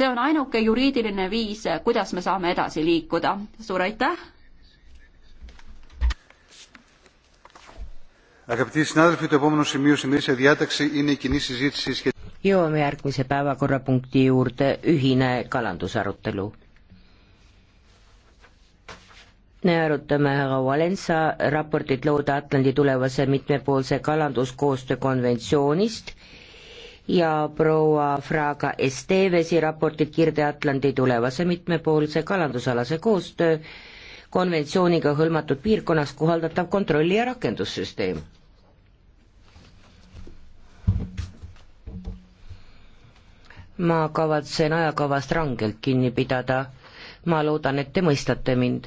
see on ainuke juriidiline viis, kuidas me saame edasi liikuda. suur aitäh! jõuame järgmise päevakorrapunkti juurde, ühine kalandusarutelu. me arutame härra Valensa raportit Lõuna-Atlandi tulevase mitmepoolse kalanduskoostöö konventsioonist ja proua Fraga Estevesi raportit Kirde-Atlandi tulevase mitmepoolse kalandusalase koostöö konventsiooniga hõlmatud piirkonnas kohaldatav kontrolli- ja rakendussüsteem. ma kavatsen ajakavast rangelt kinni pidada, ma loodan, et te mõistate mind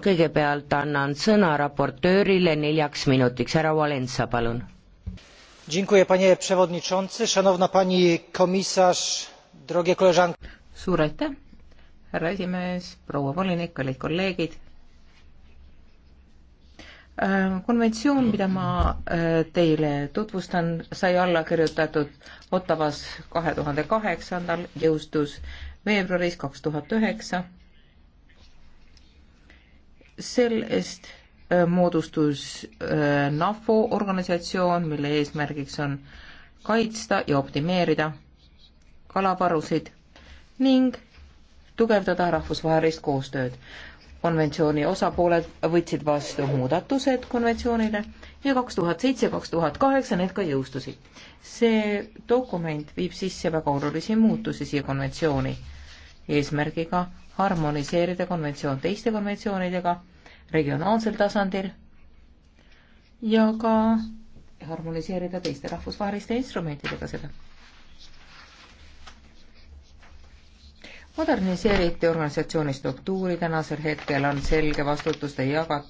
kõigepealt annan sõna raportöörile neljaks minutiks, härra Valensa, palun suur aitäh härra esimees proua volinik kallid kolleegid ähm, konventsioon mida ma äh, teile tutvustan sai alla kirjutatud ottavas kahe tuhande kaheksandal jõustus veebruaris kaks tuhat üheksa sellest Äh, moodustus äh, NAFO organisatsioon, mille eesmärgiks on kaitsta ja optimeerida kalavarusid ning tugevdada rahvusvahelist koostööd. konventsiooni osapooled võtsid vastu muudatused konventsioonile ja kaks tuhat seitse, kaks tuhat kaheksa need ka jõustusid. see dokument viib sisse väga olulisi muutusi siia konventsiooni, eesmärgiga harmoniseerida konventsioon teiste konventsioonidega regionaalsel tasandil ja ka harmoniseerida teiste rahvusvaheliste instrumentidega seda. moderniseeriti organisatsiooni struktuuri, tänasel hetkel on selge vastutuste jagat-,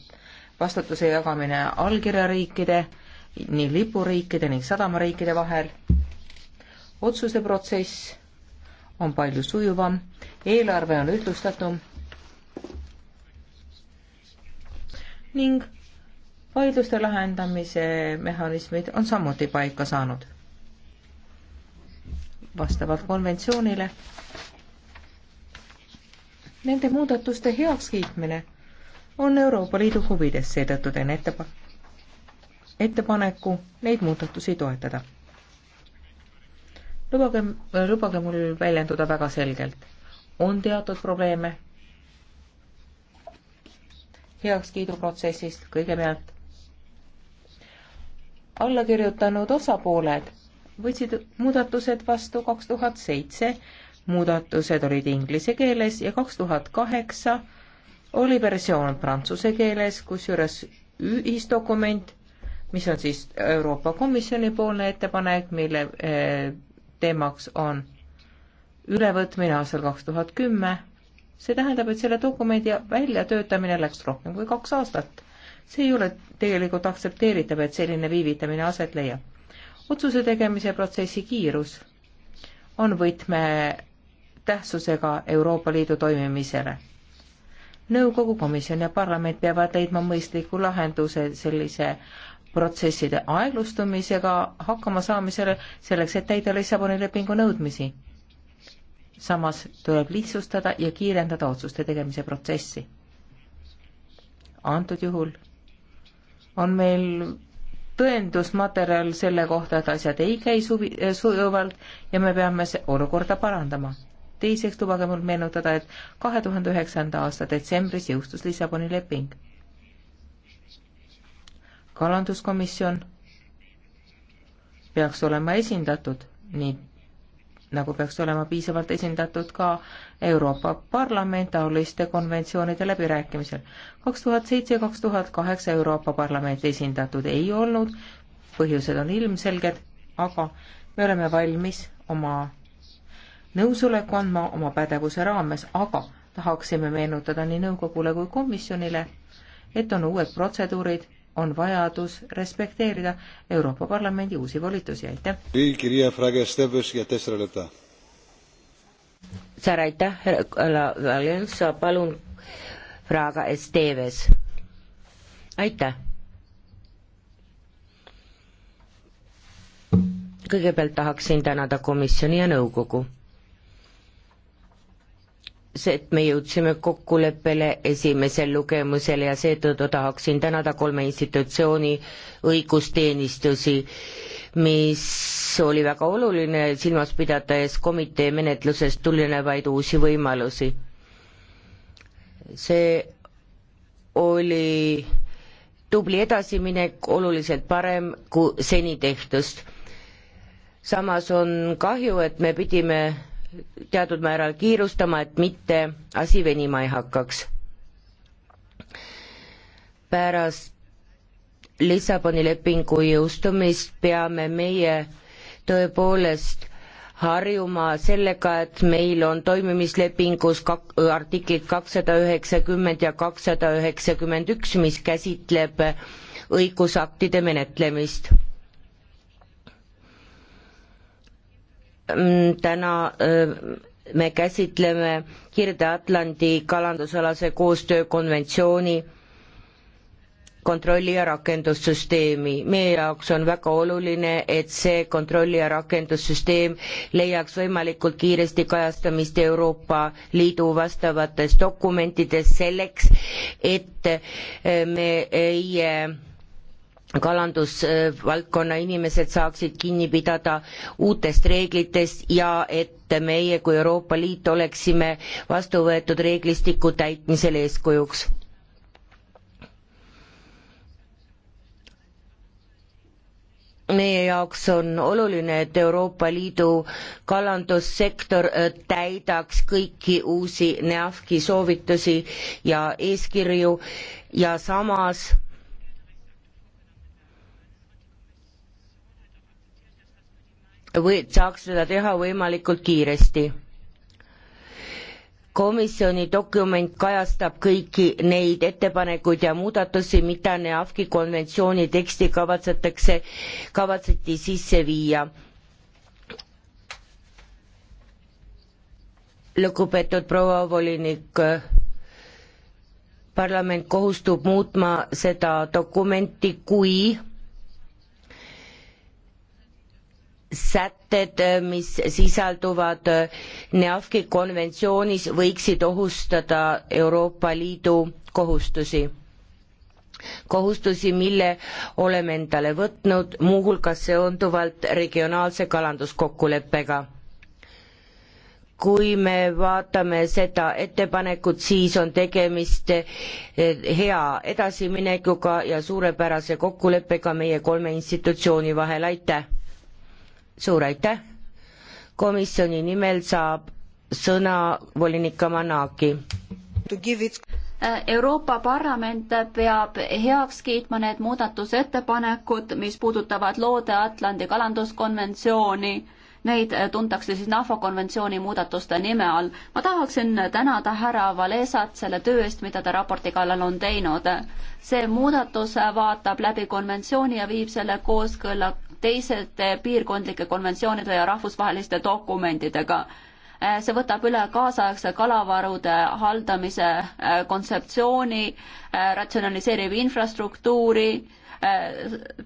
vastutuse jagamine allkirjariikide, nii lipuriikide ning sadamariikide vahel. otsuseprotsess on palju sujuvam, eelarve on ühtlustatum ning vaidluste lahendamise mehhanismid on samuti paika saanud. vastavalt konventsioonile nende muudatuste heakskiitmine on Euroopa Liidu huvides, seetõttu teen ettepa-, ettepaneku neid muudatusi toetada. lubage, lubage mul väljenduda väga selgelt. on teatud probleeme, heakskiiduprotsessist kõigepealt. allakirjutanud osapooled võtsid muudatused vastu kaks tuhat seitse, muudatused olid inglise keeles ja kaks tuhat kaheksa oli versioon prantsuse keeles, kusjuures ühisdokument, mis on siis Euroopa Komisjoni poolne ettepanek, mille eh, teemaks on ülevõtmine aastal kaks tuhat kümme see tähendab, et selle dokumendi väljatöötamine läks rohkem kui kaks aastat. see ei ole tegelikult aktsepteeritav, et selline viivitamine aset leiab. otsuse tegemise protsessi kiirus on võtme tähtsusega Euroopa Liidu toimimisele. nõukogu komisjon ja parlament peavad leidma mõistliku lahenduse sellise protsesside aeglustumisega hakkama saamisele, selleks et täida Lissaboni lepingu nõudmisi samas tuleb lihtsustada ja kiirendada otsuste tegemise protsessi. antud juhul on meil tõendusmaterjal selle kohta, et asjad ei käi suvi, eh, sujuvalt ja me peame olukorda parandama. teiseks lubage mul meenutada, et kahe tuhande üheksanda aasta detsembris jõustus Lissaboni leping. kalanduskomisjon peaks olema esindatud nii nagu peaks olema piisavalt esindatud ka Euroopa Parlament taoliste konventsioonide läbirääkimisel. kaks tuhat seitse ja kaks tuhat kaheksa Euroopa Parlamenti esindatud ei olnud, põhjused on ilmselged, aga me oleme valmis oma nõusoleku andma oma pädevuse raames, aga tahaksime meenutada nii nõukogule kui komisjonile, et on uued protseduurid on vajadus respekteerida Euroopa Parlamendi uusi volitusi, aitäh. suur aitäh, härra Valensa, palun Fraga Esteves. aitäh. kõigepealt tahaksin tänada komisjoni ja nõukogu see, et me jõudsime kokkuleppele esimesel lugemusel ja seetõttu tahaksin tänada kolme institutsiooni õigusteenistusi, mis oli väga oluline, silmas pidades komitee menetlusest tulenevaid uusi võimalusi. see oli tubli edasiminek, oluliselt parem kui seni tehtust. samas on kahju, et me pidime teatud määral kiirustama, et mitte asi venima ei hakkaks. pärast Lissaboni lepingu jõustumist peame meie tõepoolest harjuma sellega, et meil on toimimislepingus kak-, artiklid kakssada üheksakümmend ja kakssada üheksakümmend üks, mis käsitleb õigusaktide menetlemist Mm, täna äh, me käsitleme Kirde-Atlandi kalandusalase koostöö konventsiooni kontrolli- ja rakendussüsteemi. meie jaoks on väga oluline, et see kontrolli- ja rakendussüsteem leiaks võimalikult kiiresti kajastamist Euroopa Liidu vastavates dokumentides selleks, et äh, me ei äh, kalandusvaldkonna inimesed saaksid kinni pidada uutest reeglitest ja et meie kui Euroopa Liit oleksime vastu võetud reeglistiku täitmisel eeskujuks. meie jaoks on oluline, et Euroopa Liidu kalandussektor äh, täidaks kõiki uusi NEAFK-i soovitusi ja eeskirju ja samas või saaks seda teha võimalikult kiiresti. komisjoni dokument kajastab kõiki neid ettepanekuid ja muudatusi, mida NEAFCI konventsiooni teksti kavatsetakse, kavatseti sisse viia. lugupeetud proua volinik parlament kohustub muutma seda dokumenti, kui sätted, äh, mis sisalduvad äh, NEAFCI konventsioonis, võiksid ohustada Euroopa Liidu kohustusi. kohustusi, mille oleme endale võtnud, muuhulgas seonduvalt regionaalse kalanduskokkuleppega. kui me vaatame seda ettepanekut, siis on tegemist äh, hea edasiminekuga ja suurepärase kokkuleppega meie kolme institutsiooni vahel, aitäh! suur aitäh, komisjoni nimel saab sõna volinik Kamanaki. Äh, Euroopa Parlament peab heaks kiitma need muudatusettepanekud, mis puudutavad Loode-Atlandi kalanduskonventsiooni. Neid äh, tuntakse siis NAFO konventsiooni muudatuste nime all. ma tahaksin tänada härra Valesat selle töö eest, mida ta raporti kallal on teinud. see muudatus vaatab läbi konventsiooni ja viib selle kooskõlla teisete eh, piirkondlike konventsioonide ja rahvusvaheliste dokumentidega. Eh, see võtab üle kaasaegse kalavarude haldamise eh, kontseptsiooni, ratsionaliseerib infrastruktuuri,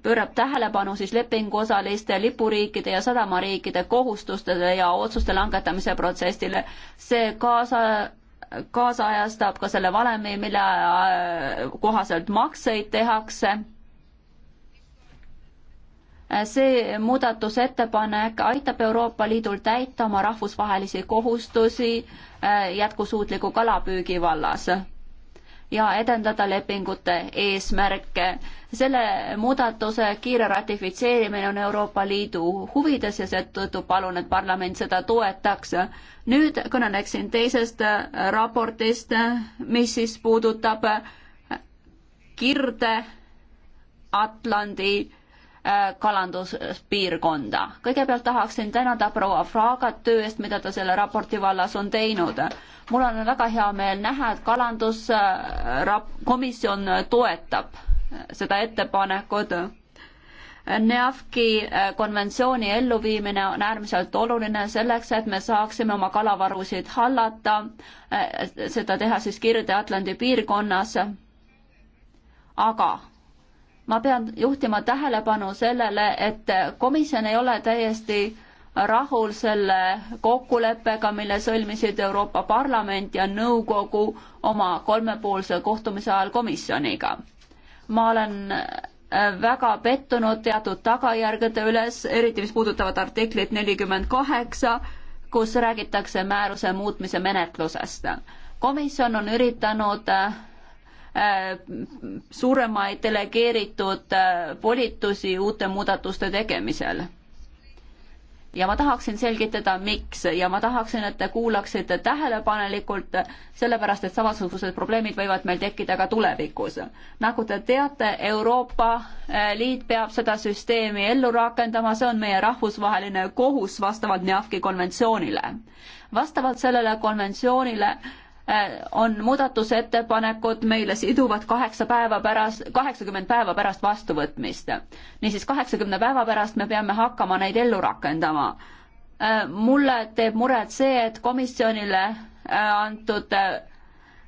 pöörab tähelepanu siis lepinguosaliste, lipuriikide ja sadamariikide kohustustele ja otsuste langetamise protsessile. see kaasa, kaasajastab ka selle valemi, mille kohaselt makseid tehakse Äh, see muudatusettepanek aitab Euroopa Liidul täita oma rahvusvahelisi kohustusi äh, jätkusuutliku kalapüügi vallas ja edendada lepingute eesmärke. selle muudatuse kiire ratifitseerimine on Euroopa Liidu huvides ja seetõttu palun, et parlament seda toetaks. nüüd kõneleksin teisest äh, raportist, mis siis puudutab Kirde-Atlandi Äh, kalanduspiirkonda. kõigepealt tahaksin tänada proua Fragat töö eest, mida ta selle raporti vallas on teinud. mul on väga hea meel näha, et kalanduskomisjon äh, toetab äh, seda ettepanekut. NEAFCi konventsiooni elluviimine on äärmiselt oluline selleks, et me saaksime oma kalavarusid hallata, seda teha siis Kirde-Atlandi piirkonnas. aga ma pean juhtima tähelepanu sellele, et komisjon ei ole täiesti rahul selle kokkuleppega, mille sõlmisid Euroopa Parlament ja nõukogu oma kolmepoolse kohtumise ajal komisjoniga. ma olen äh, väga pettunud teatud tagajärgede üles, eriti mis puudutavad artiklit nelikümmend kaheksa, kus räägitakse määruse muutmise menetlusest. komisjon on üritanud äh, Äh, suuremaid delegeeritud äh, volitusi uute muudatuste tegemisel. ja ma tahaksin selgitada, miks ja ma tahaksin, et te kuulaksite tähelepanelikult, sellepärast et samasugused probleemid võivad meil tekkida ka tulevikus. nagu te teate, Euroopa äh, Liit peab seda süsteemi ellu rakendama, see on meie rahvusvaheline kohus vastavalt NEAFK-i konventsioonile. vastavalt sellele konventsioonile Äh, on muudatusettepanekud meile siduvad kaheksa päeva pärast, kaheksakümmend päeva pärast vastuvõtmist. niisiis kaheksakümne päeva pärast me peame hakkama neid ellu rakendama. Äh, mulle teeb muret see, et komisjonile äh, antud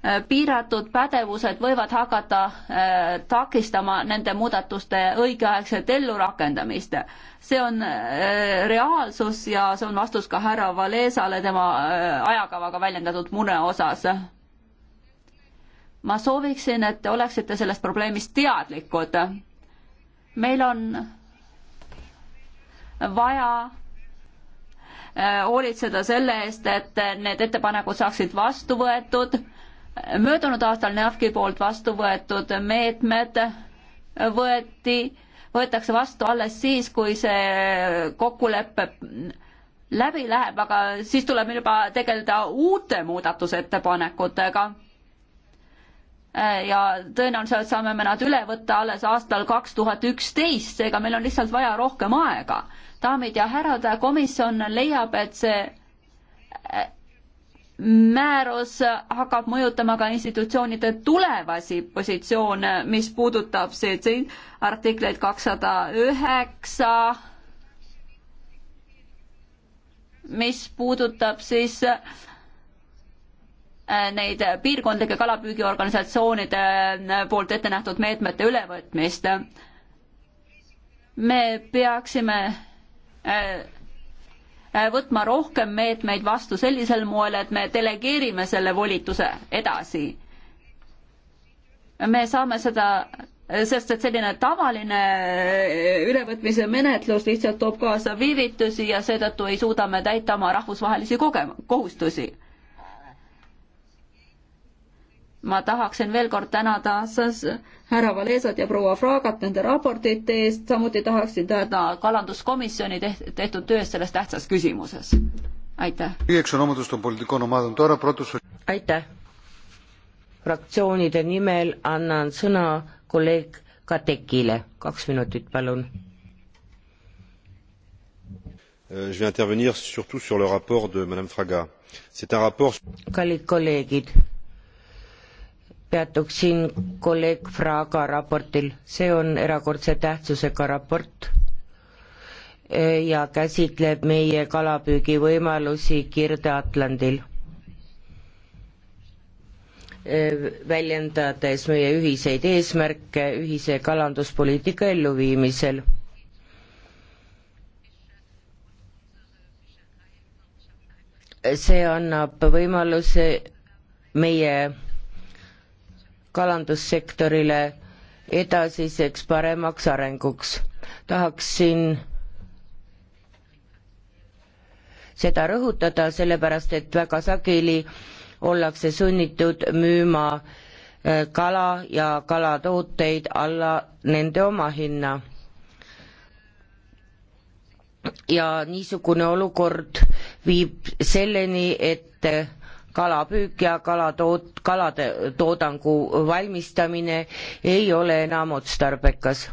Äh, piiratud pädevused võivad hakata äh, takistama nende muudatuste õigeaegset ellurakendamist. see on äh, reaalsus ja see on vastus ka härra Valesale tema ajakavaga väljendatud mure osas. ma sooviksin, et te oleksite sellest probleemist teadlikud. meil on vaja hoolitseda selle eest, et need ettepanekud saaksid vastu võetud möödunud aastal NEAFK-i poolt vastu võetud meetmed võeti, võetakse vastu alles siis, kui see kokkulepe läbi läheb, aga siis tuleb meil juba tegeleda uute muudatusettepanekutega. ja tõenäoliselt saame me nad üle võtta alles aastal kaks tuhat üksteist, seega meil on lihtsalt vaja rohkem aega. daamid ja härrad, komisjon leiab, et see määrus hakkab mõjutama ka institutsioonide tulevasi positsioone, mis puudutab siin artikleid kakssada üheksa, mis puudutab siis äh, neid piirkondlike kalapüügiorganisatsioonide äh, poolt ette nähtud meetmete ülevõtmist. me peaksime äh, Äh, võtma rohkem meetmeid vastu sellisel moel, et me delegeerime selle volituse edasi. me saame seda sest et selline tavaline äh, ülevõtmise menetlus lihtsalt toob kaasa viivitusi ja seetõttu ei suuda me täita oma rahvusvahelisi koge-, kohustusi ma tahaksin veel kord tänada härra Valesat ja proua Fraagat nende raportite eest, samuti tahaksin tänada kalanduskomisjoni tehtud, tehtud töö eest selles tähtsas küsimuses. aitäh. aitäh. fraktsioonide nimel annan sõna kolleeg Katekile, kaks minutit, palun. Euh, je vais intervenir surtout sur le rapport de Madame Fraga. C'est un rapport. Kallid kolleegid peatuksin kolleeg Fraga raportil, see on erakordse tähtsusega raport ja käsitleb meie kalapüügivõimalusi Kirde-Atlandil. väljendades meie ühiseid eesmärke ühise kalanduspoliitika elluviimisel see annab võimaluse meie kalandussektorile edasiseks paremaks arenguks. tahaksin seda rõhutada, sellepärast et väga sageli ollakse sunnitud müüma äh, kala ja kalatooteid alla nende omahinna. ja niisugune olukord viib selleni, et kalapüük ja kalatood-, kalade toodangu valmistamine ei ole enam otstarbekas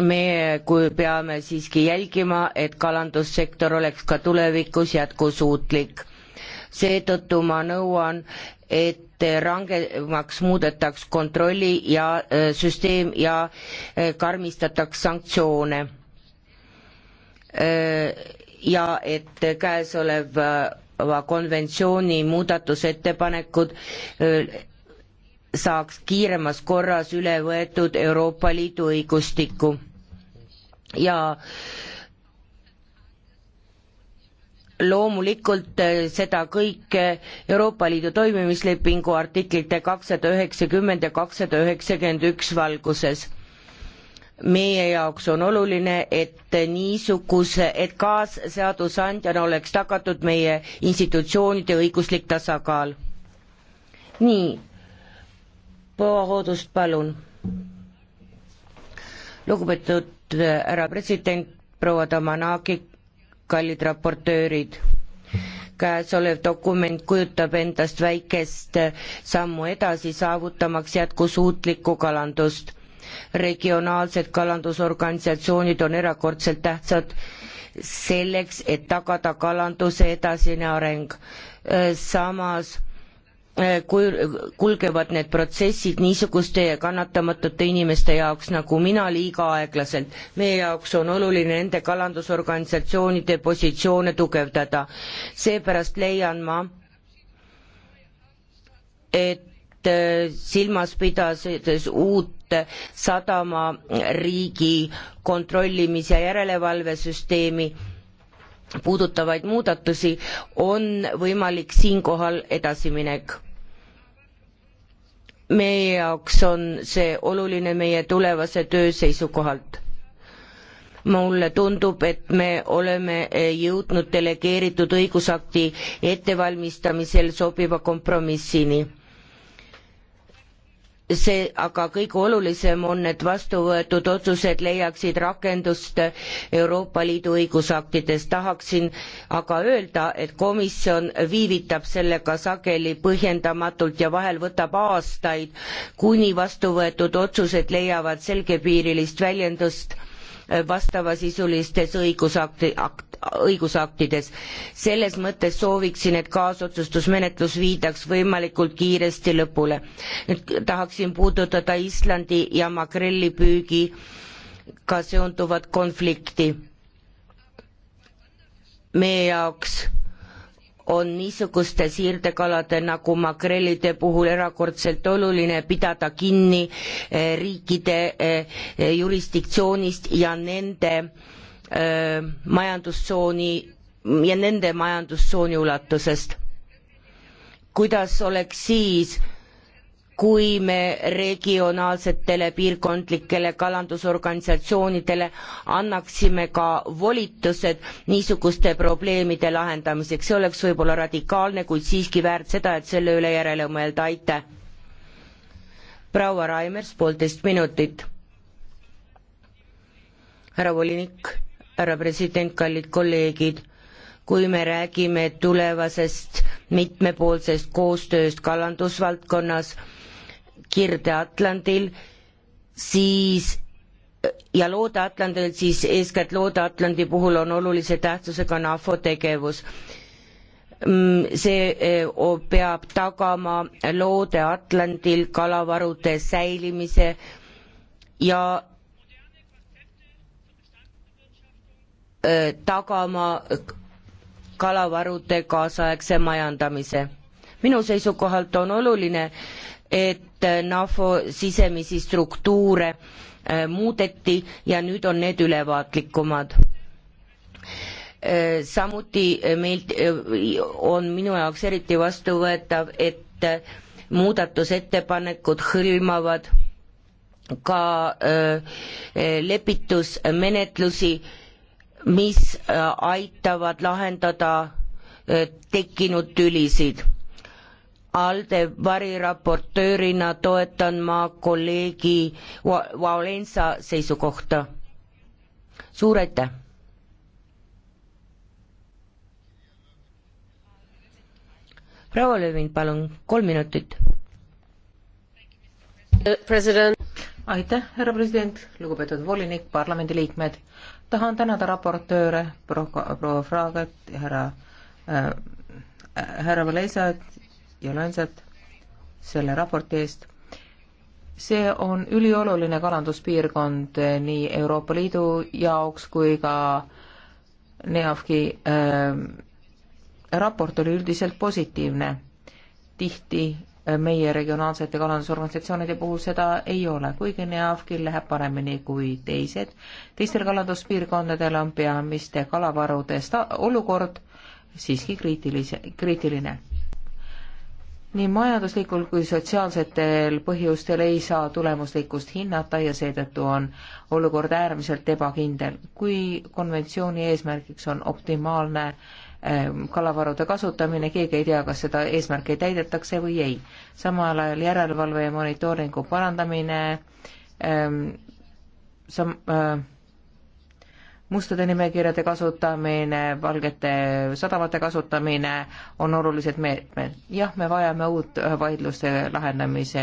me kui peame siiski jälgima, et kalandussektor oleks ka tulevikus jätkusuutlik. seetõttu ma nõuan, et rangemaks muudetaks kontrolli ja äh, süsteem ja äh, karmistataks sanktsioone äh, ja et käesolev konventsiooni muudatusettepanekud äh, saaks kiiremas korras üle võetud Euroopa Liidu õigustikku ja loomulikult äh, seda kõike äh, Euroopa Liidu toimimislepingu artiklite kakssada üheksakümmend ja kakssada üheksakümmend üks valguses meie jaoks on oluline, et niisuguse, et kaasseadusandjana oleks tagatud meie institutsioonide õiguslik tasakaal. nii, proua Hoodust, palun. lugupeetud äh, härra president, proua Tamanaki, kallid raportöörid käesolev dokument kujutab endast väikest äh, sammu edasi, saavutamaks jätkusuutlikku kalandust regionaalsed kalandusorganisatsioonid on erakordselt tähtsad selleks, et tagada kalanduse edasine areng. Äh, samas äh, kui kulgevad need protsessid niisuguste ja kannatamatute inimeste jaoks nagu mina liiga aeglaselt. meie jaoks on oluline nende kalandusorganisatsioonide positsioone tugevdada. seepärast leian ma, et Äh, silmas pidades uut sadama riigi kontrollimis- ja järelevalvesüsteemi puudutavaid muudatusi, on võimalik siinkohal edasiminek. meie jaoks on see oluline meie tulevase töö seisukohalt mulle tundub, et me oleme äh, jõudnud delegeeritud õigusakti ettevalmistamisel sobiva kompromissini see aga kõige olulisem on, et vastu võetud otsused leiaksid rakendust Euroopa Liidu õigusaktides. tahaksin aga öelda, et komisjon viivitab sellega sageli põhjendamatult ja vahel võtab aastaid, kuni vastu võetud otsused leiavad selgepiirilist väljendust vastavasisulistes õigusakti, akt, õigusaktides. selles mõttes sooviksin, et kaasotsustusmenetlus viidaks võimalikult kiiresti lõpule. nüüd tahaksin puudutada Islandi ja makrellipüügiga seonduvat konflikti. meie jaoks on niisuguste siirdekalade nagu makrellide puhul erakordselt oluline pidada kinni eh, riikide eh, eh, jurisdiktsioonist ja nende majandustsooni ja nende majandustsooni ulatusest. kuidas oleks siis kui me regionaalsetele piirkondlikele kalandusorganisatsioonidele annaksime ka volitused niisuguste probleemide lahendamiseks, see oleks võib-olla radikaalne, kuid siiski väärt seda, et selle üle järele mõelda, aitäh. proua Raimers, poolteist minutit. härra volinik, härra president, kallid kolleegid kui me räägime tulevasest mitmepoolsest koostööst kalandusvaldkonnas Kirde-Atlandil, siis ja Loode-Atlandil, siis eeskätt Loode-Atlandi puhul on olulise tähtsusega NAFO tegevus. Mm, see eh, peab tagama Loode-Atlandil kalavarude säilimise ja eh, tagama kalavarude kaasaegse majandamise. minu seisukohalt on oluline, et äh, NAFO sisemisi struktuure äh, muudeti ja nüüd on need ülevaatlikumad äh, samuti meilt on minu jaoks eriti vastuvõetav, et muudatusettepanekud hõlmavad ka lepitusmenetlusi, mis aitavad lahendada tekkinud tülisid ALDE variraportöörina toetan ma kolleegi Valensa seisukohta. suur aitäh! proua Lövin, palun, kolm minutit. aitäh, härra president, lugupeetud volinik, parlamendiliikmed. tahan tänada raportööre, proua Fraagat ja härra äh, härra Valesat ja Länsat selle raporti eest. see on ülioluline kalanduspiirkond nii Euroopa Liidu jaoks kui ka NEAFGi äh, raport oli üldiselt positiivne. tihti äh, meie regionaalsete kalandusorganisatsioonide puhul seda ei ole, kuigi NEAFGil läheb paremini kui teised. teistel kalanduspiirkondadel on peamiste kalavarude sta-, olukord siiski kriitilise, kriitiline nii majanduslikul kui sotsiaalsetel põhjustel ei saa tulemuslikkust hinnata ja seetõttu on olukord äärmiselt ebakindel. kui konventsiooni eesmärgiks on optimaalne ähm, kalavarude kasutamine, keegi ei tea, kas seda eesmärki täidetakse või ei. samal ajal järelevalve ja monitooringu parandamine, ähm, sam-, äh, mustade nimekirjade kasutamine, valgete sadamate kasutamine on olulised meetmed. jah, me vajame uut äh, vaidluste lahendamise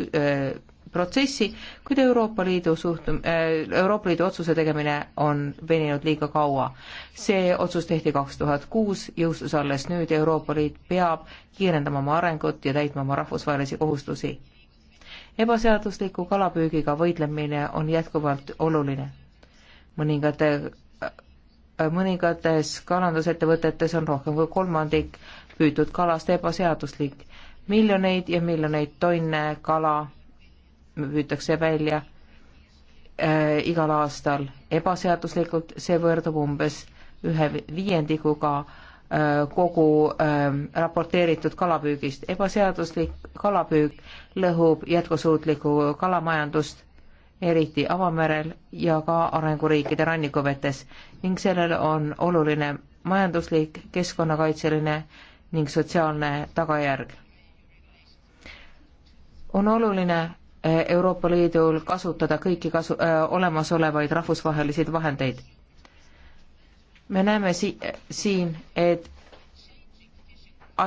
äh, protsessi, kuid Euroopa Liidu suhtum-, äh, Euroopa Liidu otsuse tegemine on veninud liiga kaua. see otsus tehti kaks tuhat kuus, jõustus alles nüüd, Euroopa Liit peab kiirendama oma arengut ja täitma oma rahvusvahelisi kohustusi. ebaseadusliku kalapüügiga võitlemine on jätkuvalt oluline mõningate, mõningates kalandusettevõtetes on rohkem kui kolmandik püütud kalast ebaseaduslik. miljoneid ja miljoneid tonne kala püütakse välja äh, igal aastal ebaseaduslikult, see võrdub umbes ühe viiendikuga äh, kogu äh, raporteeritud kalapüügist. ebaseaduslik kalapüük lõhub jätkusuutlikku kalamajandust eriti avamerel ja ka arenguriikide rannikuvetes ning sellel on oluline majanduslik, keskkonnakaitseline ning sotsiaalne tagajärg. on oluline eh, Euroopa Liidul kasutada kõiki kasu äh,, olemasolevaid rahvusvahelisi vahendeid. me näeme si-, siin, et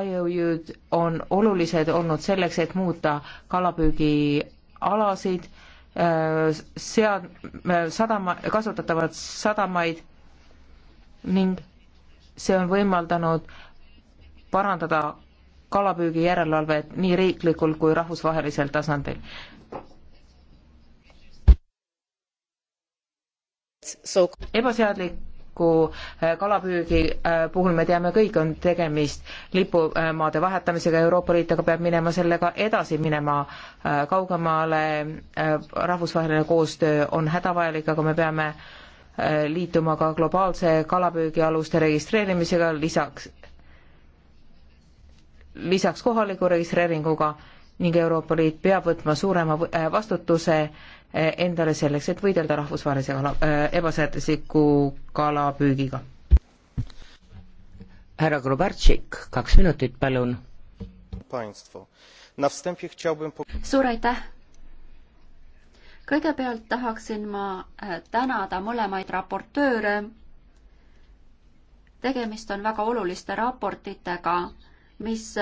IOÜ-d on olulised olnud selleks, et muuta kalapüügialasid äh, sead-, sadama, kasutatavad sadamaid ning see on võimaldanud parandada kalapüügi järelevalvet nii riiklikul kui rahvusvahelisel tasandil. ebaseadlik paraku eh, kalapüügi eh, puhul me teame kõik, on tegemist lipumaade vahetamisega, Euroopa Liit aga peab minema sellega edasi minema eh, kaugemale, rahvusvaheline koostöö on hädavajalik, aga me peame liituma ka globaalse kalapüügialuste registreerimisega, lisaks, lisaks kohaliku registreeringuga ning Euroopa Liit peab võtma suurema äh, vastutuse äh, endale selleks, et võidelda rahvusvahelise kala, äh, ebaseadusliku kalapüügiga. härra Grubartšik, kaks minutit, palun. suur aitäh! kõigepealt tahaksin ma tänada mõlemaid raportööre. tegemist on väga oluliste raportitega, mis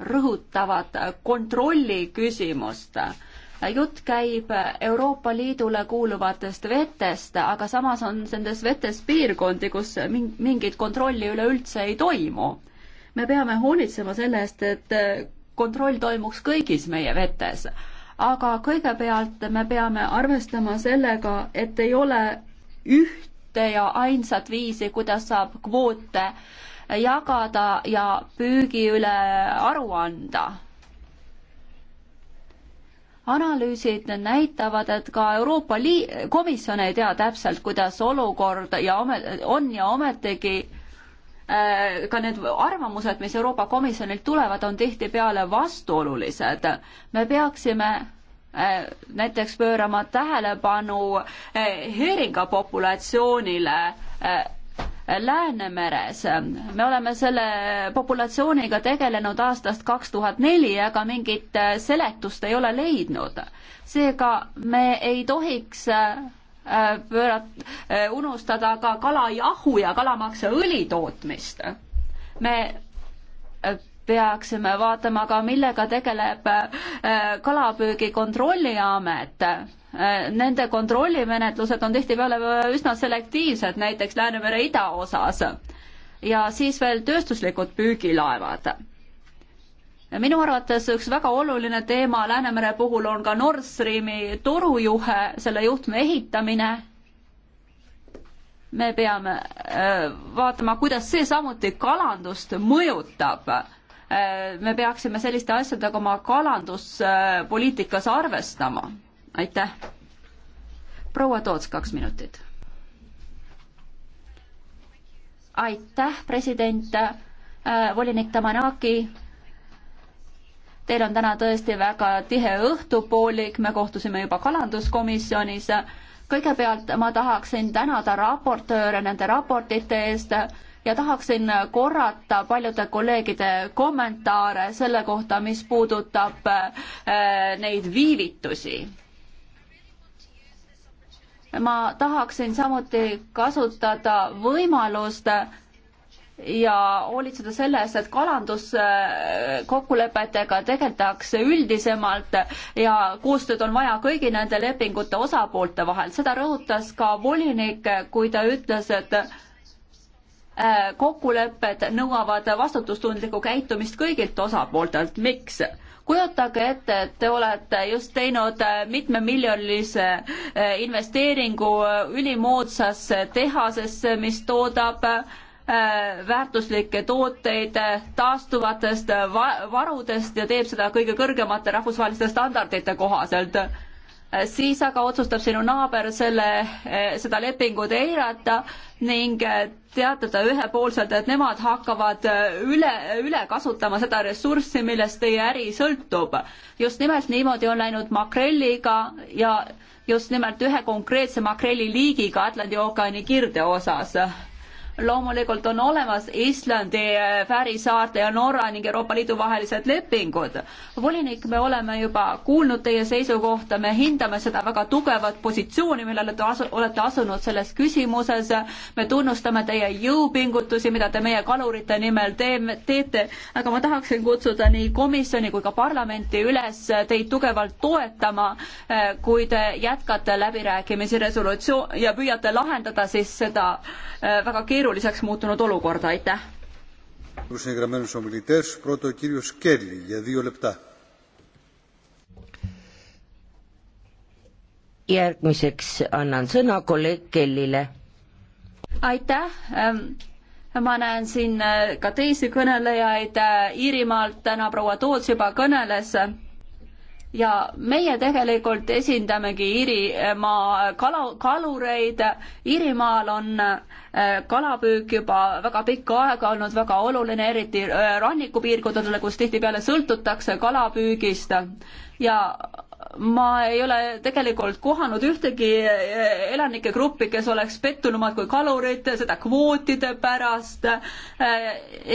rõhutavad kontrolli küsimust. jutt käib Euroopa Liidule kuuluvatest vetest, aga samas on nendes vetes piirkondi, kus mingit kontrolli üleüldse ei toimu. me peame hoolitsema selle eest, et kontroll toimuks kõigis meie vetes. aga kõigepealt me peame arvestama sellega, et ei ole ühte ja ainsat viisi, kuidas saab kvoote äh, jagada ja püügi üle aru anda. analüüsid näitavad, et ka Euroopa Liit, komisjon ei tea täpselt, kuidas olukord ja omet-, on ja ometigi äh, ka need arvamused, mis Euroopa Komisjonilt tulevad, on tihtipeale vastuolulised. me peaksime äh, näiteks pöörama tähelepanu äh, heeringapopulatsioonile Läänemeres. me oleme selle populatsiooniga tegelenud aastast kaks tuhat neli, aga mingit äh, seletust ei ole leidnud. seega me ei tohiks äh, pöörat-, äh, unustada ka kalajahu ja kalamaksa õli tootmist. me peaksime vaatama ka, millega tegeleb Kalapüügi Kontrolliamet nende kontrollimenetlused on tihtipeale üsna selektiivsed, näiteks Läänemere idaosas. ja siis veel tööstuslikud püügilaevad. minu arvates üks väga oluline teema Läänemere puhul on ka Nord Streami torujuhe, selle juhtme ehitamine. me peame äh, vaatama, kuidas see samuti kalandust mõjutab äh, me peaksime selliste asjadega oma kalanduspoliitikas arvestama aitäh. proua Toots, kaks minutit. aitäh, president äh,, volinik Tamanaki. Teil on täna tõesti väga tihe õhtupoolik, me kohtusime juba kalanduskomisjonis. kõigepealt ma tahaksin tänada raportööre nende raportite eest ja tahaksin korrata paljude kolleegide kommentaare selle kohta, mis puudutab äh, neid viivitusi ma tahaksin samuti kasutada võimalust ja hoolitseda selle eest, et kalanduskokkulepetega tegeldakse üldisemalt ja koostööd on vaja kõigi nende lepingute osapoolte vahel. seda rõhutas ka volinik, kui ta ütles, et äh, kokkulepped nõuavad vastutustundlikku käitumist kõigilt osapooltelt. miks? kujutage ette, et te olete just teinud äh, mitmemiljonilise äh, investeeringu äh, ülimoodsasse tehasesse, mis toodab väärtuslikke tooteid taastuvatest varudest ja teeb seda kõige kõrgemate rahvusvaheliste standardite kohaselt siis aga otsustab sinu naaber selle, seda lepingut eirata ning teatada ühepoolselt, et nemad hakkavad äh, üle, üle kasutama seda ressurssi, millest teie äri sõltub. just nimelt niimoodi on läinud makrelliga ja just nimelt ühe konkreetse makrelliliigiga Atlandi ookeani kirde osas loomulikult on olemas Islandi, äh, Fääri saarte ja Norra ning Euroopa Liidu vahelised lepingud. volinik, me oleme juba kuulnud teie seisukohta, me hindame seda väga tugevat positsiooni, millele te asu-, olete asunud selles küsimuses. me tunnustame teie jõupingutusi, mida te meie kalurite nimel teeme, teete, aga ma tahaksin kutsuda nii komisjoni kui ka parlamenti üles teid tugevalt toetama, äh, kui te jätkate läbirääkimisi resolutsioon ja püüate lahendada siis seda äh, väga keerulist keeruliseks muutunud olukorda, aitäh! järgmiseks annan sõna kolleeg Kellile. aitäh, ähm, ma näen siin äh, ka teisi kõnelejaid, äh, Iirimaalt täna proua Toots juba kõneles ja meie tegelikult esindamegi Iirimaa eh, kala, kalureid. Iirimaal on eh, kalapüük juba väga pikka aega olnud väga oluline, eriti eh, rannikupiirkondadele, kus tihtipeale sõltutakse kalapüügist ja ma ei ole tegelikult kohanud ühtegi eh, elanike gruppi, kes oleks pettunumad kui kalurid, seda kvootide pärast äh,,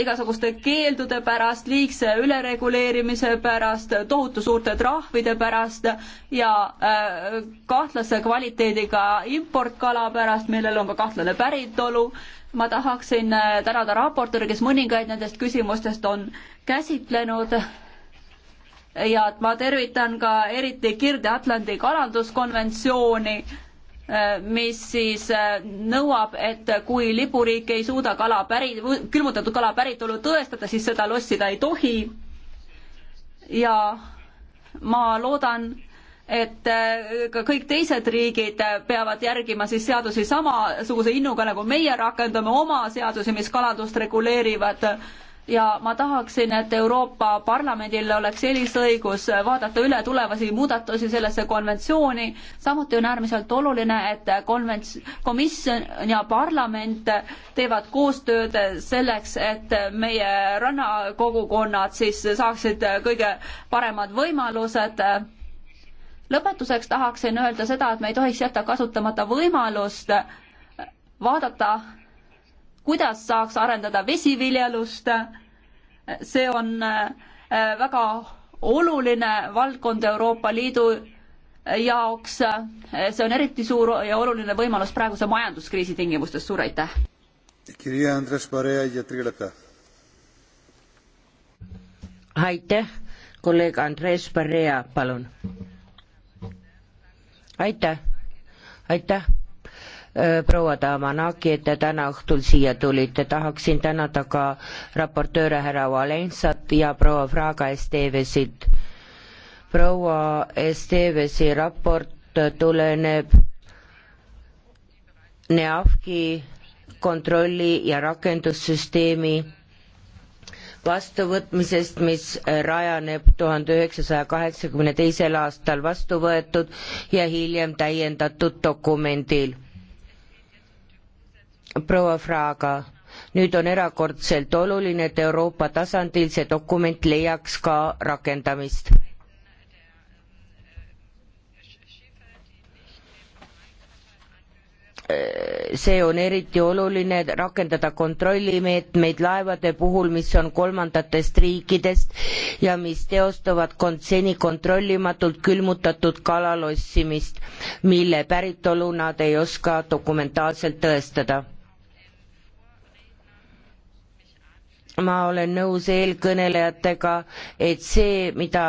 igasuguste keeldude pärast, liigse ülereguleerimise pärast, tohutu suurte trahvide pärast ja äh, kahtlase kvaliteediga importkala pärast, millel on ka kahtlane päritolu. ma tahaksin tänada raportööre, kes mõningaid nendest küsimustest on käsitlenud ja et ma tervitan ka eriti Kirde-Atlandi kalanduskonventsiooni, eh, mis siis eh, nõuab, et kui lipuriik ei suuda kala päri-, külmutatud kala päritolu tõestada, siis seda lossida ei tohi. ja ma loodan, et eh, ka kõik teised riigid peavad järgima siis seadusi samasuguse innuga, nagu meie rakendame oma seadusi, mis kalandust reguleerivad ja ma tahaksin, et Euroopa Parlamendil oleks eelisõigus vaadata üle tulevasi muudatusi sellesse konventsiooni, samuti on äärmiselt oluline, et konvents-, komisjon ja parlament teevad koostööd selleks, et meie rannakogukonnad siis saaksid kõige paremad võimalused lõpetuseks tahaksin öelda seda, et me ei tohiks jätta kasutamata võimalust vaadata kuidas saaks arendada vesiviljelust. see on äh, väga oluline valdkond Euroopa Liidu jaoks. see on eriti suur ja oluline võimalus praeguse majanduskriisi tingimustes. suur aitäh! aitäh, kolleeg Andres Barrea, palun. aitäh, aitäh Äh, proua Damanaki, et te täna õhtul siia tulite, tahaksin tänada ka raportööre härra Valensat ja proua Fraga Estevesit. proua Estevesi raport tuleneb NEAFK-i kontrolli ja rakendussüsteemi vastuvõtmisest, mis rajaneb tuhande üheksasaja kaheksakümne teisel aastal vastu võetud ja hiljem täiendatud dokumendil proua Fraga, nüüd on erakordselt oluline, et Euroopa tasandil see dokument leiaks ka rakendamist. see on eriti oluline rakendada kontrollimeetmeid laevade puhul, mis on kolmandatest riikidest ja mis teostavad kontseni kontrollimatult külmutatud kala lossimist, mille päritolu nad ei oska dokumentaalselt tõestada ma olen nõus eelkõnelejatega, et see, mida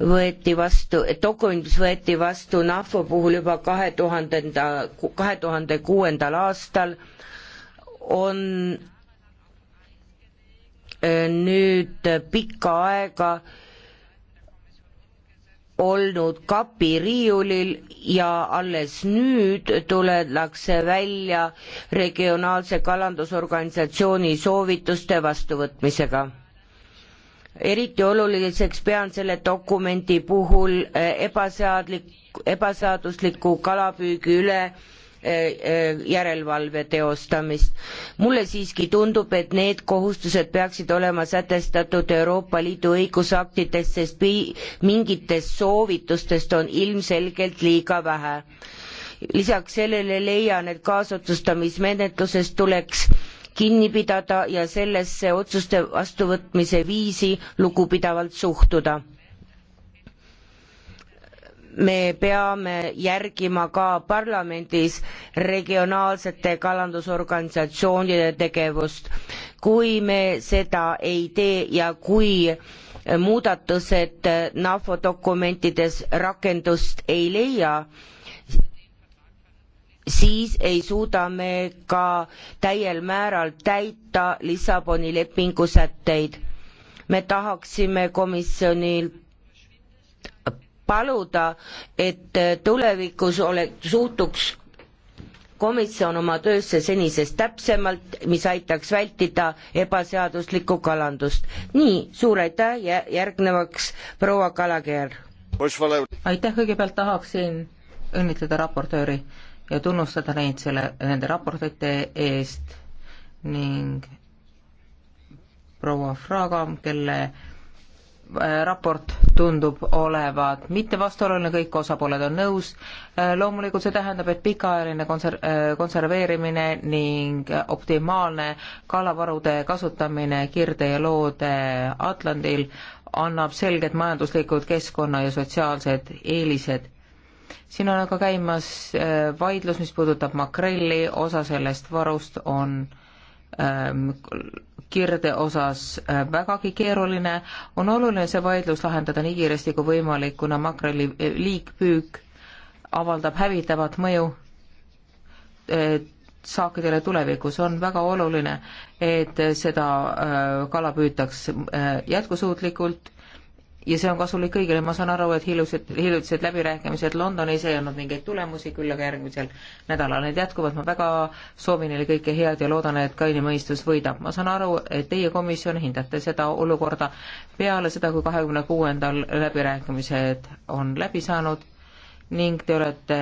võeti vastu, dokument, mis võeti vastu NAFO puhul juba kahe tuhandenda, kahe tuhande kuuendal aastal, on äh, nüüd pikka aega olnud kapiriiulil ja alles nüüd tullakse välja regionaalse kalandusorganisatsiooni soovituste vastuvõtmisega. eriti oluliseks pean selle dokumendi puhul eh, ebaseadlik, ebaseadusliku kalapüügi üle Äh, äh, järelevalve teostamist. mulle siiski tundub, et need kohustused peaksid olema sätestatud Euroopa Liidu õigusaktides, sest pi-, mingitest soovitustest on ilmselgelt liiga vähe. lisaks sellele leian, et kaasotsustamismenetlusest tuleks kinni pidada ja sellesse otsuste vastuvõtmise viisi lugupidavalt suhtuda me peame järgima ka parlamendis regionaalsete kalandusorganisatsioonide tegevust. kui me seda ei tee ja kui muudatused NAFO dokumentides rakendust ei leia, siis ei suuda me ka täiel määral täita Lissaboni lepingu sätteid. me tahaksime komisjonilt paluda, et tulevikus ole, suhtuks komisjon oma töösse senisest täpsemalt, mis aitaks vältida ebaseaduslikku kalandust. nii, suur aitäh ja järgnevaks proua Kalakeer. aitäh, kõigepealt tahaksin õnnitleda raportööri ja tunnustada neid selle, nende raportite eest ning proua Fraga, kelle Äh, raport tundub olevat mitte vastuoluline, kõik osapooled on nõus. Äh, loomulikult see tähendab, et pikaajaline konser-, äh, konserveerimine ning optimaalne kalavarude kasutamine Kirde ja Loode Atlandil annab selged majanduslikud, keskkonna ja sotsiaalsed eelised siin on aga käimas vaidlus, mis puudutab makrelli, osa sellest varust on ähm, kirde osas äh, vägagi keeruline, on oluline see vaidlus lahendada nii kiiresti kui võimalik, kuna makreli äh, liigpüük avaldab hävitavat mõju äh, saakidele tulevikus, on väga oluline, et seda kala püütaks jätkusuutlikult ja see on kasulik kõigile, ma saan aru, et hiljutised, hiljutised läbirääkimised Londonis ei olnud mingeid tulemusi, küll aga järgmisel nädalal need jätkuvad, ma väga soovin neile kõike head ja loodan, et kaine mõistus võidab. ma saan aru, et teie komisjon hindate seda olukorda peale seda, kui kahekümne kuuendal läbirääkimised on läbi saanud ning te olete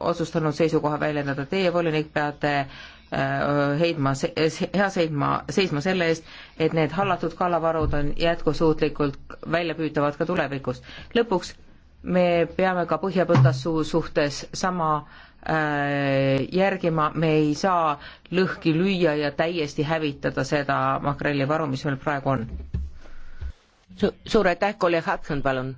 otsustanud seisukoha väljendada, teie volinik peate äh, Äh, heidma, hea seisma, seisma selle eest, et need hallatud kalavarud on jätkusuutlikult väljapüütavad ka tulevikus. lõpuks me peame ka Põhja-Põltasuu suhtes sama äh, järgima, me ei saa lõhki lüüa ja täiesti hävitada seda makrellivaru, mis meil praegu on Su. suur aitäh, kolleeg Hudson, palun.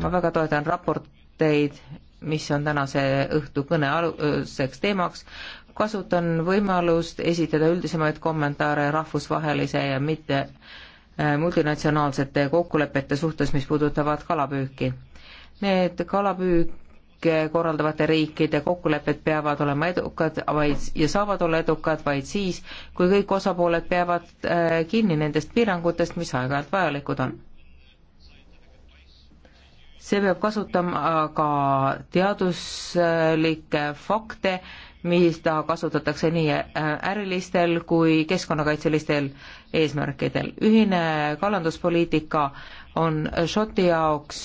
ma väga toetan raporteid, mis on tänase õhtu kõne aluseks teemaks, kasutan võimalust esitada üldisemaid kommentaare rahvusvahelise ja mitte äh, multinatsionaalsete kokkulepete suhtes, mis puudutavad kalapüüki. Need kalapüüke korraldavate riikide kokkulepped peavad olema edukad vaid ja saavad olla edukad vaid siis, kui kõik osapooled peavad äh, kinni nendest piirangutest, mis aeg-ajalt vajalikud on see peab kasutama ka teaduslikke fakte, mida kasutatakse nii ärilistel kui keskkonnakaitselistel eesmärkidel. ühine kalanduspoliitika on Šoti jaoks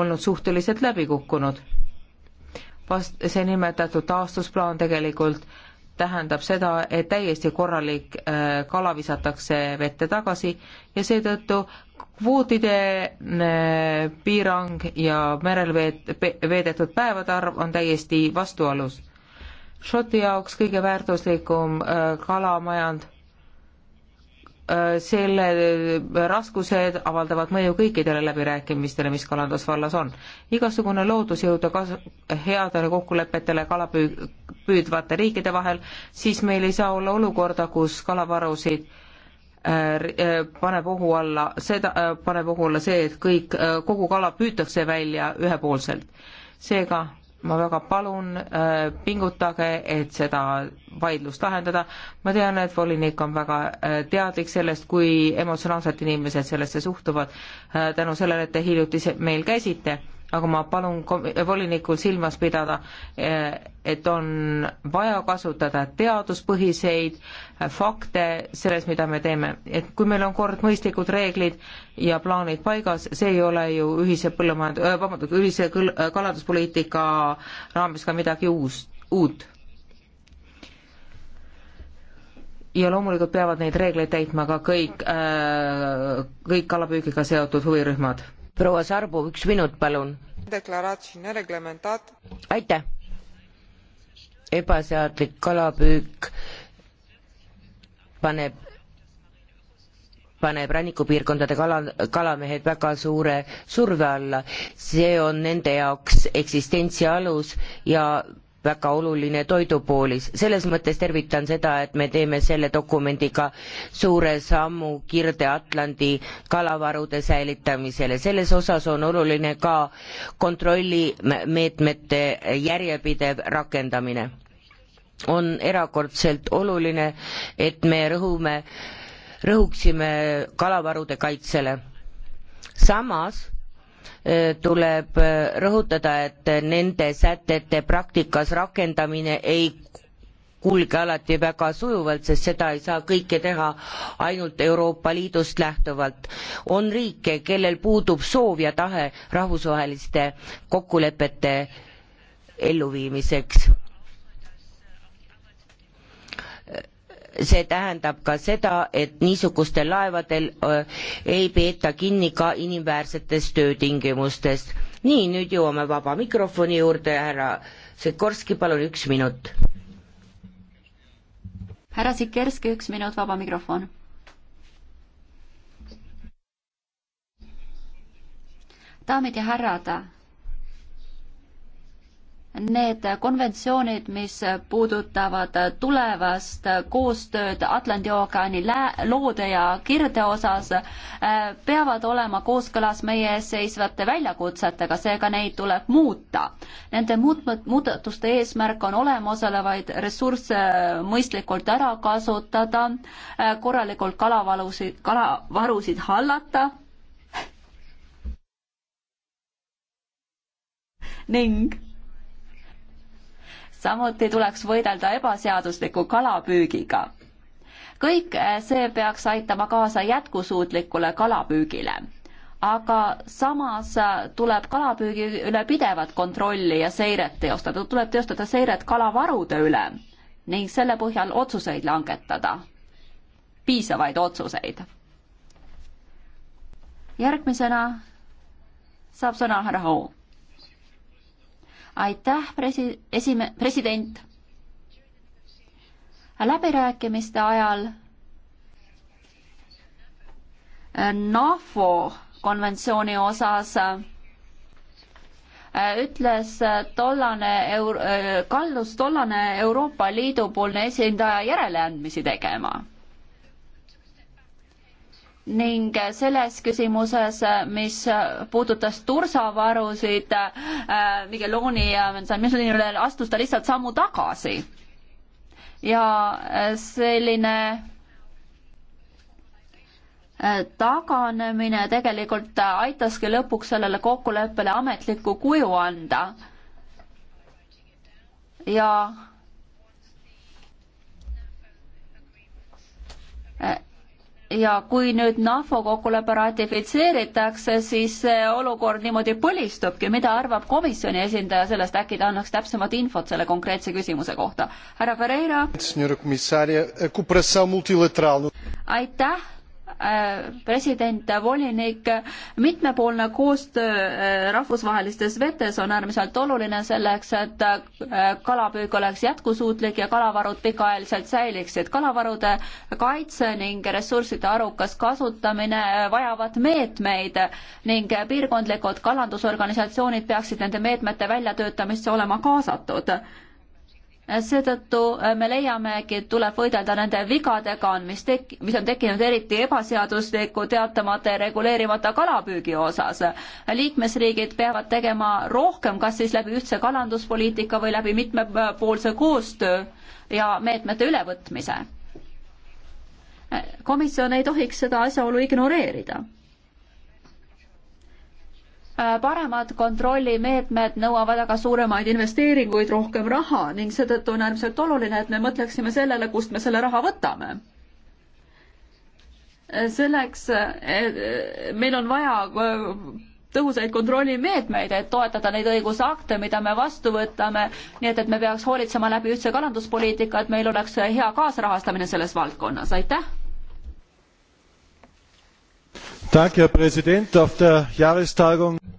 olnud suhteliselt läbi kukkunud. vast-, see nimetatud taastusplaan tegelikult äh, tähendab seda, et täiesti korralik äh, kala visatakse vette tagasi ja seetõttu kvootide äh, piirang ja merel veet-, veedetud päevade arv on täiesti vastuolus. Šoti jaoks kõige väärtuslikum äh, kalamajand Äh, selle äh, raskused avaldavad mõju kõikidele läbirääkimistele, mis kalandusvallas on. igasugune lootus jõuda kas-, headele kokkulepetele kalapüü-, püüdvate riikide vahel, siis meil ei saa olla olukorda, kus kalavarusid äh, paneb ohu alla, seda paneb ohu alla see, et kõik, kogu kala püütakse välja ühepoolselt. seega ma väga palun, äh, pingutage, et seda vaidlust lahendada. ma tean, et volinik on väga äh, teadlik sellest, kui emotsionaalselt inimesed sellesse suhtuvad, äh, tänu sellele, et te hiljuti meil käisite aga ma palun volinikul silmas pidada, eh, et on vaja kasutada teaduspõhiseid eh, fakte selles, mida me teeme. et kui meil on kord mõistlikud reeglid ja plaanid paigas, see ei ole ju ühise põllumajand- äh,, vabandust, ühise kalanduspoliitika raames ka midagi uus, uut. ja loomulikult peavad neid reegleid täitma ka kõik äh,, kõik kalapüügiga seotud huvirühmad proua Sarbu, üks minut, palun. aitäh. ebaseadlik kalapüük paneb paneb rannikupiirkondade kala, kalamehed väga suure surve alla. see on nende jaoks eksistentsi alus ja väga oluline toidupoolis. selles mõttes tervitan seda, et me teeme selle dokumendiga suure sammu Kirde-Atlandi kalavarude säilitamisele. selles osas on oluline ka kontrollimeetmete järjepidev rakendamine. on erakordselt oluline, et me rõhume, rõhuksime kalavarude kaitsele. samas Äh, tuleb äh, rõhutada, et nende sätete praktikas rakendamine ei kulge alati väga sujuvalt, sest seda ei saa kõike teha ainult Euroopa Liidust lähtuvalt. on riike, kellel puudub soov ja tahe rahvusvaheliste kokkulepete elluviimiseks see tähendab ka seda, et niisugustel laevadel äh, ei peeta kinni ka inimväärsetest töötingimustest. nii, nüüd jõuame vaba mikrofoni juurde, härra Sikorski, palun üks minut. härra Sikerski, üks minut, vaba mikrofon. daamid ja härrad Need konventsioonid, mis puudutavad tulevast koostööd Atlandi ookeani loode ja kirde osas, äh, peavad olema kooskõlas meie ees seisvate väljakutsetega, seega neid tuleb muuta. Nende muutmat-, muudatuste eesmärk on olemasolevaid ressursse mõistlikult ära kasutada, äh, korralikult kalavalusid, kalavarusid hallata ning samuti tuleks võidelda ebaseadusliku kalapüügiga. kõik eh, see peaks aitama kaasa jätkusuutlikule kalapüügile. aga samas eh, tuleb kalapüügi üle pidevat kontrolli ja seiret teostada, tuleb teostada seiret kalavarude üle ning selle põhjal otsuseid langetada, piisavaid otsuseid. järgmisena saab sõna härra Hoo aitäh, presi-, esime-, president. läbirääkimiste ajal äh, NAFO konventsiooni osas äh, ütles äh, tollane Euro-, kallus tollane Euroopa Liidu poolne esindaja järeleandmisi tegema ning selles küsimuses, mis puudutas tursavarusid äh,, Migueloni ja Menzamini üle, astus ta lihtsalt sammu tagasi. ja äh, selline äh, taganemine tegelikult aitaski lõpuks sellele kokkuleppele ametlikku kuju anda. ja äh, ja kui nüüd NAFO kokkulepe ratifitseeritakse, siis see olukord niimoodi põlistubki, mida arvab komisjoni esindaja sellest, äkki ta annaks täpsemat infot selle konkreetse küsimuse kohta? härra Pereira. aitäh, Äh, president, volinik, mitmepoolne koostöö äh, rahvusvahelistes vetes on äärmiselt oluline selleks, et äh, kalapüük oleks jätkusuutlik ja kalavarud pikaajaliselt säiliksid. kalavarude kaitse ning ressursside arukas kasutamine vajavad meetmeid ning piirkondlikud kalandusorganisatsioonid peaksid nende meetmete väljatöötamisse olema kaasatud seetõttu äh, me leiamegi, et tuleb võidelda nende vigadega, mis tek-, mis on tekkinud eriti ebaseadusliku teatamata ja reguleerimata kalapüügi osas. liikmesriigid peavad tegema rohkem, kas siis läbi ühtse kalanduspoliitika või läbi mitmepoolse koostöö ja meetmete ülevõtmise. komisjon ei tohiks seda asjaolu ignoreerida Äh, paremad kontrollimeetmed nõuavad aga suuremaid investeeringuid, rohkem raha ning seetõttu on äärmiselt oluline, et me mõtleksime sellele, kust me selle raha võtame. Äh, selleks äh, meil on vaja tõhusaid kontrollimeetmeid, et toetada neid õigusakte, mida me vastu võtame, nii et, et me peaks hoolitsema läbi ühtse kalanduspoliitika, et meil oleks hea kaasrahastamine selles valdkonnas, aitäh!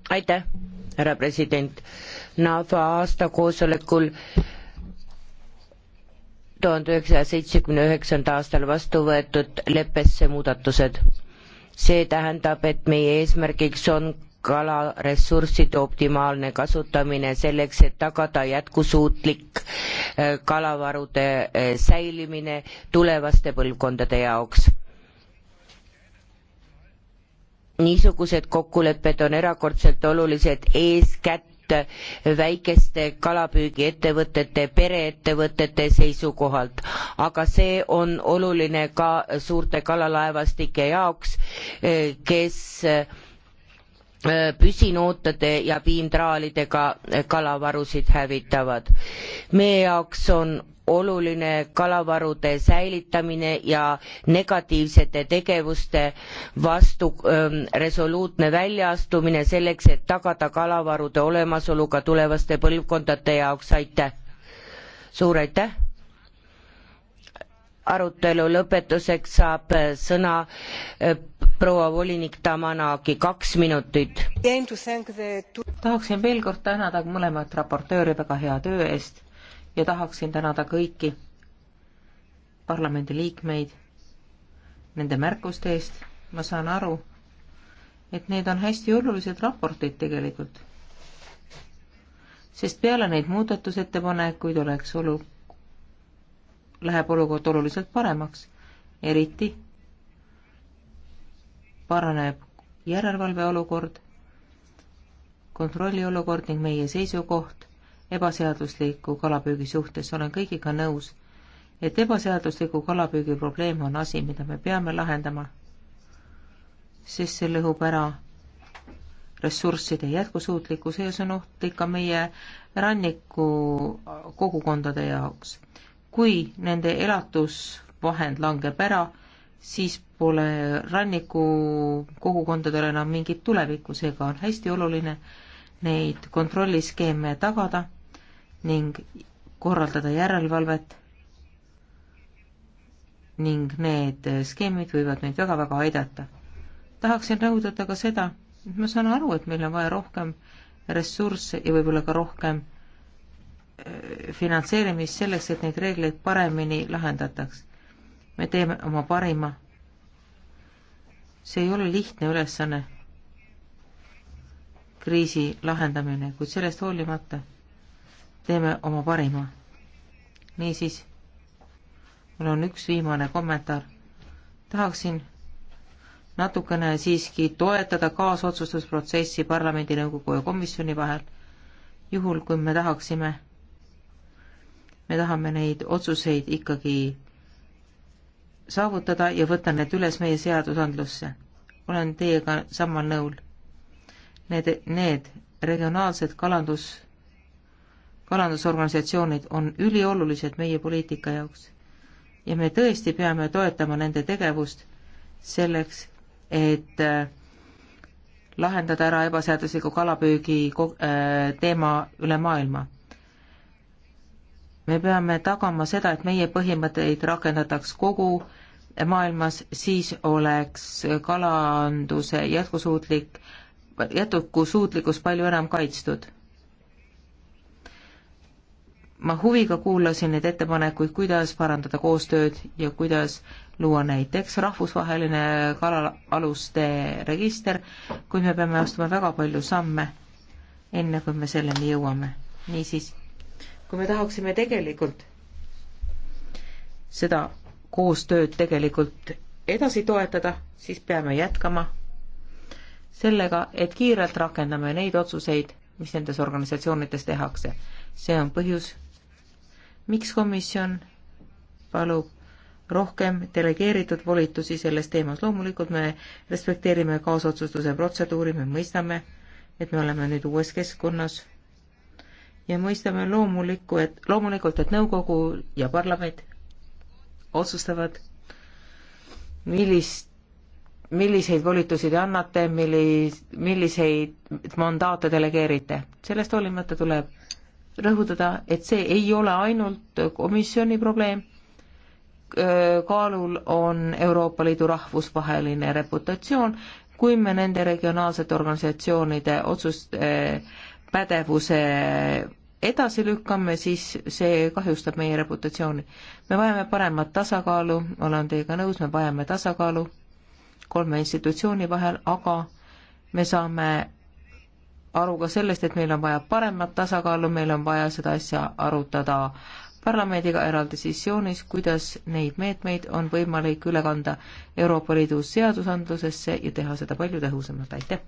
aitäh, härra president. NAFA aastakoosolekul tuhande üheksasaja seitsmekümne üheksanda aastal vastu võetud leppesse muudatused. see tähendab, et meie eesmärgiks on kalaressursside optimaalne kasutamine selleks, et tagada jätkusuutlik äh, kalavarude äh, säilimine tulevaste põlvkondade jaoks niisugused kokkulepped on erakordselt olulised eeskätt väikeste kalapüügiettevõtete pereettevõtete seisukohalt aga see on oluline ka suurte kalalaevastike jaoks kes eh, püsinootade ja piimtraalidega kalavarusid hävitavad meie jaoks on oluline kalavarude säilitamine ja negatiivsete tegevuste vastu ähm, resoluutne väljaastumine selleks et tagada kalavarude olemasolu ka tulevaste põlvkondade jaoks aitäh suur aitäh arutelu lõpetuseks saab äh, sõna äh, proua volinik Tamanagi, kaks minutit. tahaksin veel kord tänada mõlemat raportööri väga hea töö eest ja tahaksin tänada kõiki parlamendiliikmeid nende märkuste eest. ma saan aru, et need on hästi olulised raportid tegelikult. sest peale neid muudatusettepanekuid oleks olu, läheb olukord oluliselt paremaks, eriti paraneb järelevalve olukord, kontrolli olukord ning meie seisukoht ebaseadusliku kalapüügi suhtes, olen kõigiga nõus, et ebaseadusliku kalapüügi probleem on asi, mida me peame lahendama, sest see lõhub ära ressursside jätkusuutlikkuse ja see on ohtlik ka meie ranniku kogukondade jaoks. kui nende elatusvahend langeb ära, siis pole ranniku kogukondadel enam mingit tulevikku, seega on hästi oluline neid kontrolliskeeme tagada ning korraldada järelevalvet ning need skeemid võivad meid väga-väga aidata. tahaksin rõhutada ka seda, et ma saan aru, et meil on vaja rohkem ressursse ja võib-olla ka rohkem äh, finantseerimist selleks, et neid reegleid paremini lahendataks. me teeme oma parima. see ei ole lihtne ülesanne, kriisi lahendamine, kuid sellest hoolimata teeme oma parima. niisiis, mul on üks viimane kommentaar. tahaksin natukene siiski toetada kaasotsustusprotsessi parlamendi, nõukogu ja komisjoni vahel, juhul kui me tahaksime, me tahame neid otsuseid ikkagi saavutada ja võtta need üles meie seadusandlusse. olen teiega samal nõul. Need, need regionaalsed kalandus- kalandusorganisatsioonid on üliolulised meie poliitika jaoks ja me tõesti peame toetama nende tegevust selleks, et äh, lahendada ära ebaseadusliku kalapüügi äh, teema üle maailma. me peame tagama seda, et meie põhimõtteid rakendataks kogu maailmas, siis oleks kalanduse jätkusuutlik, jätkusuutlikkus palju enam kaitstud ma huviga kuulasin neid ettepanekuid, kuidas parandada koostööd ja kuidas luua näiteks rahvusvaheline kalaaluste register, kuid me peame astuma väga palju samme, enne kui me selleni jõuame. niisiis, kui me tahaksime tegelikult seda koostööd tegelikult edasi toetada, siis peame jätkama sellega, et kiirelt rakendame neid otsuseid, mis nendes organisatsioonides tehakse. see on põhjus, miks komisjon palub rohkem delegeeritud volitusi selles teemas, loomulikult me respekteerime kaasotsustuse protseduuri, me mõistame, et me oleme nüüd uues keskkonnas ja mõistame loomulikku, et loomulikult, et nõukogu ja parlament otsustavad, millist, milliseid volitusi te annate, millis-, milliseid mandaate delegeerite. sellest hoolimata tuleb rõhutada, et see ei ole ainult komisjoni probleem, kaalul on Euroopa Liidu rahvusvaheline reputatsioon, kui me nende regionaalsete organisatsioonide otsust, eh, pädevuse edasi lükkame, siis see kahjustab meie reputatsiooni. me vajame paremat tasakaalu, olen teiega nõus, me vajame tasakaalu kolme institutsiooni vahel, aga me saame aru ka sellest, et meil on vaja paremat tasakaalu, meil on vaja seda asja arutada parlamendiga eraldi sessioonis, kuidas neid meetmeid on võimalik üle kanda Euroopa Liidu seadusandlusesse ja teha seda palju tõhusamalt, aitäh!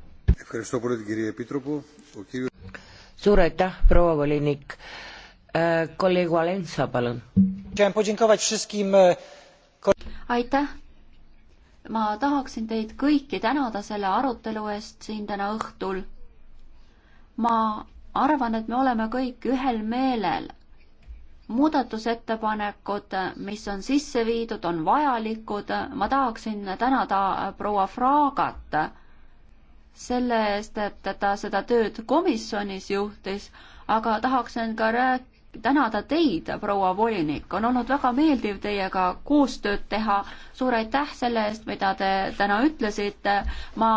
suur aitäh, proua volinik! Äh, kolleeg Valensa, palun! E, aitäh! ma tahaksin teid kõiki tänada selle arutelu eest siin täna õhtul ma arvan, et me oleme kõik ühel meelel. muudatusettepanekud, mis on sisse viidud, on vajalikud. ma tahaksin tänada proua Fraagat selle eest, et ta seda tööd komisjonis juhtis, aga tahaksin ka rääkida tänada teid, proua volinik, on olnud väga meeldiv teiega koostööd teha. suur aitäh selle eest, mida te täna ütlesite. ma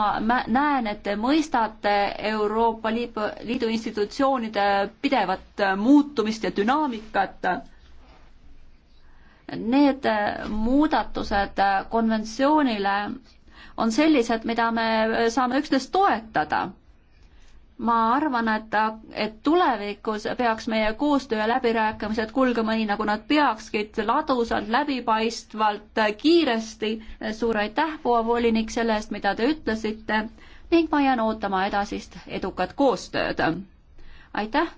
näen, et te mõistate Euroopa Liidu institutsioonide pidevat muutumist ja dünaamikat. Need muudatused konventsioonile on sellised, mida me saame üksnes toetada ma arvan, et, et tulevikus peaks meie koostöö ja läbirääkimised kulgema nii, nagu nad peaksid, ladusalt, läbipaistvalt, kiiresti. suur aitäh, proua volinik, selle eest, mida te ütlesite ning ma jään ootama edasist edukat koostööd. aitäh.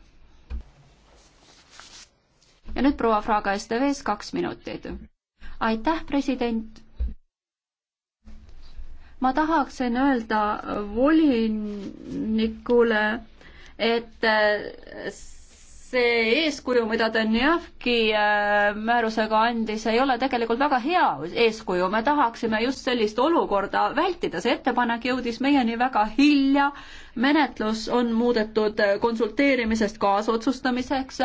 ja nüüd proua Fraga STV-s kaks minutit. aitäh, president ma tahaksin öelda volinikule, et äh, see eeskuju, mida ta Njavki äh, määrusega andis, ei ole tegelikult väga hea eeskuju, me tahaksime just sellist olukorda vältida, see ettepanek jõudis meieni väga hilja, menetlus on muudetud konsulteerimisest kaasotsustamiseks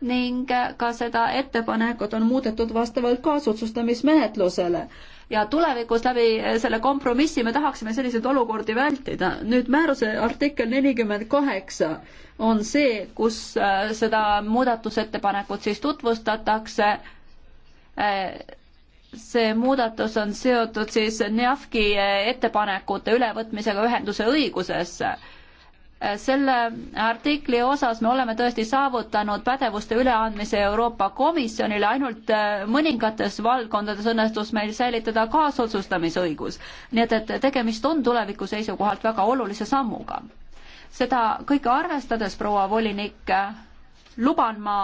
ning ka seda ettepanekut on muudetud vastavalt kaasotsustamismenetlusele. ja tulevikus läbi selle kompromissi me tahaksime selliseid olukordi vältida. nüüd määruse artikkel nelikümmend kaheksa on see, kus äh, seda muudatusettepanekut siis tutvustatakse. Äh, see muudatus on seotud siis NEAFK-i äh, ettepanekute ülevõtmisega ühenduse õigusesse Äh, selle artikli osas me oleme tõesti saavutanud pädevuste üleandmise Euroopa Komisjonile, ainult äh, mõningates valdkondades õnnestus meil säilitada kaasotsustamisõigus. nii et, et tegemist on tuleviku seisukohalt väga olulise sammuga. seda kõike arvestades, proua volinik, äh, luban ma,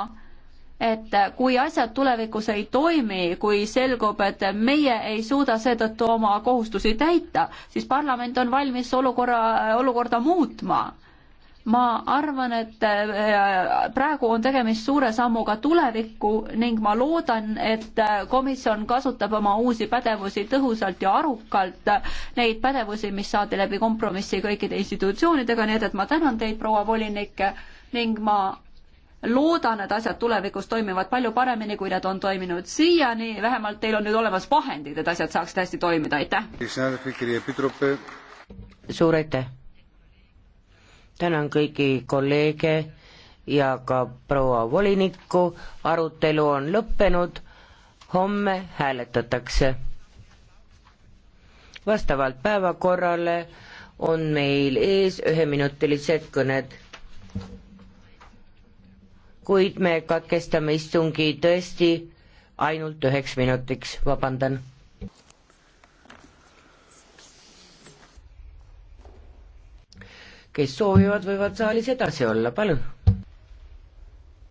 et kui asjad tulevikus ei toimi, kui selgub, et meie ei suuda seetõttu oma kohustusi täita, siis parlament on valmis olukorra, olukorda muutma ma arvan, et äh, praegu on tegemist suure sammuga tulevikku ning ma loodan, et äh, komisjon kasutab oma uusi pädevusi tõhusalt ja arukalt, äh, neid pädevusi, mis saadi läbi kompromissi kõikide institutsioonidega, nii et, et ma tänan teid, proua volinik, ning ma loodan, et asjad tulevikus toimivad palju paremini, kui nad on toiminud siiani, vähemalt teil on nüüd olemas vahendid, et asjad saaksid hästi toimida, aitäh! suur aitäh! tänan kõiki kolleege ja ka proua volinikku, arutelu on lõppenud, homme hääletatakse. vastavalt päevakorrale on meil ees üheminutilised kõned. kuid me katkestame istungi tõesti ainult üheks minutiks, vabandan kes soovivad, võivad saalis edasi olla, palun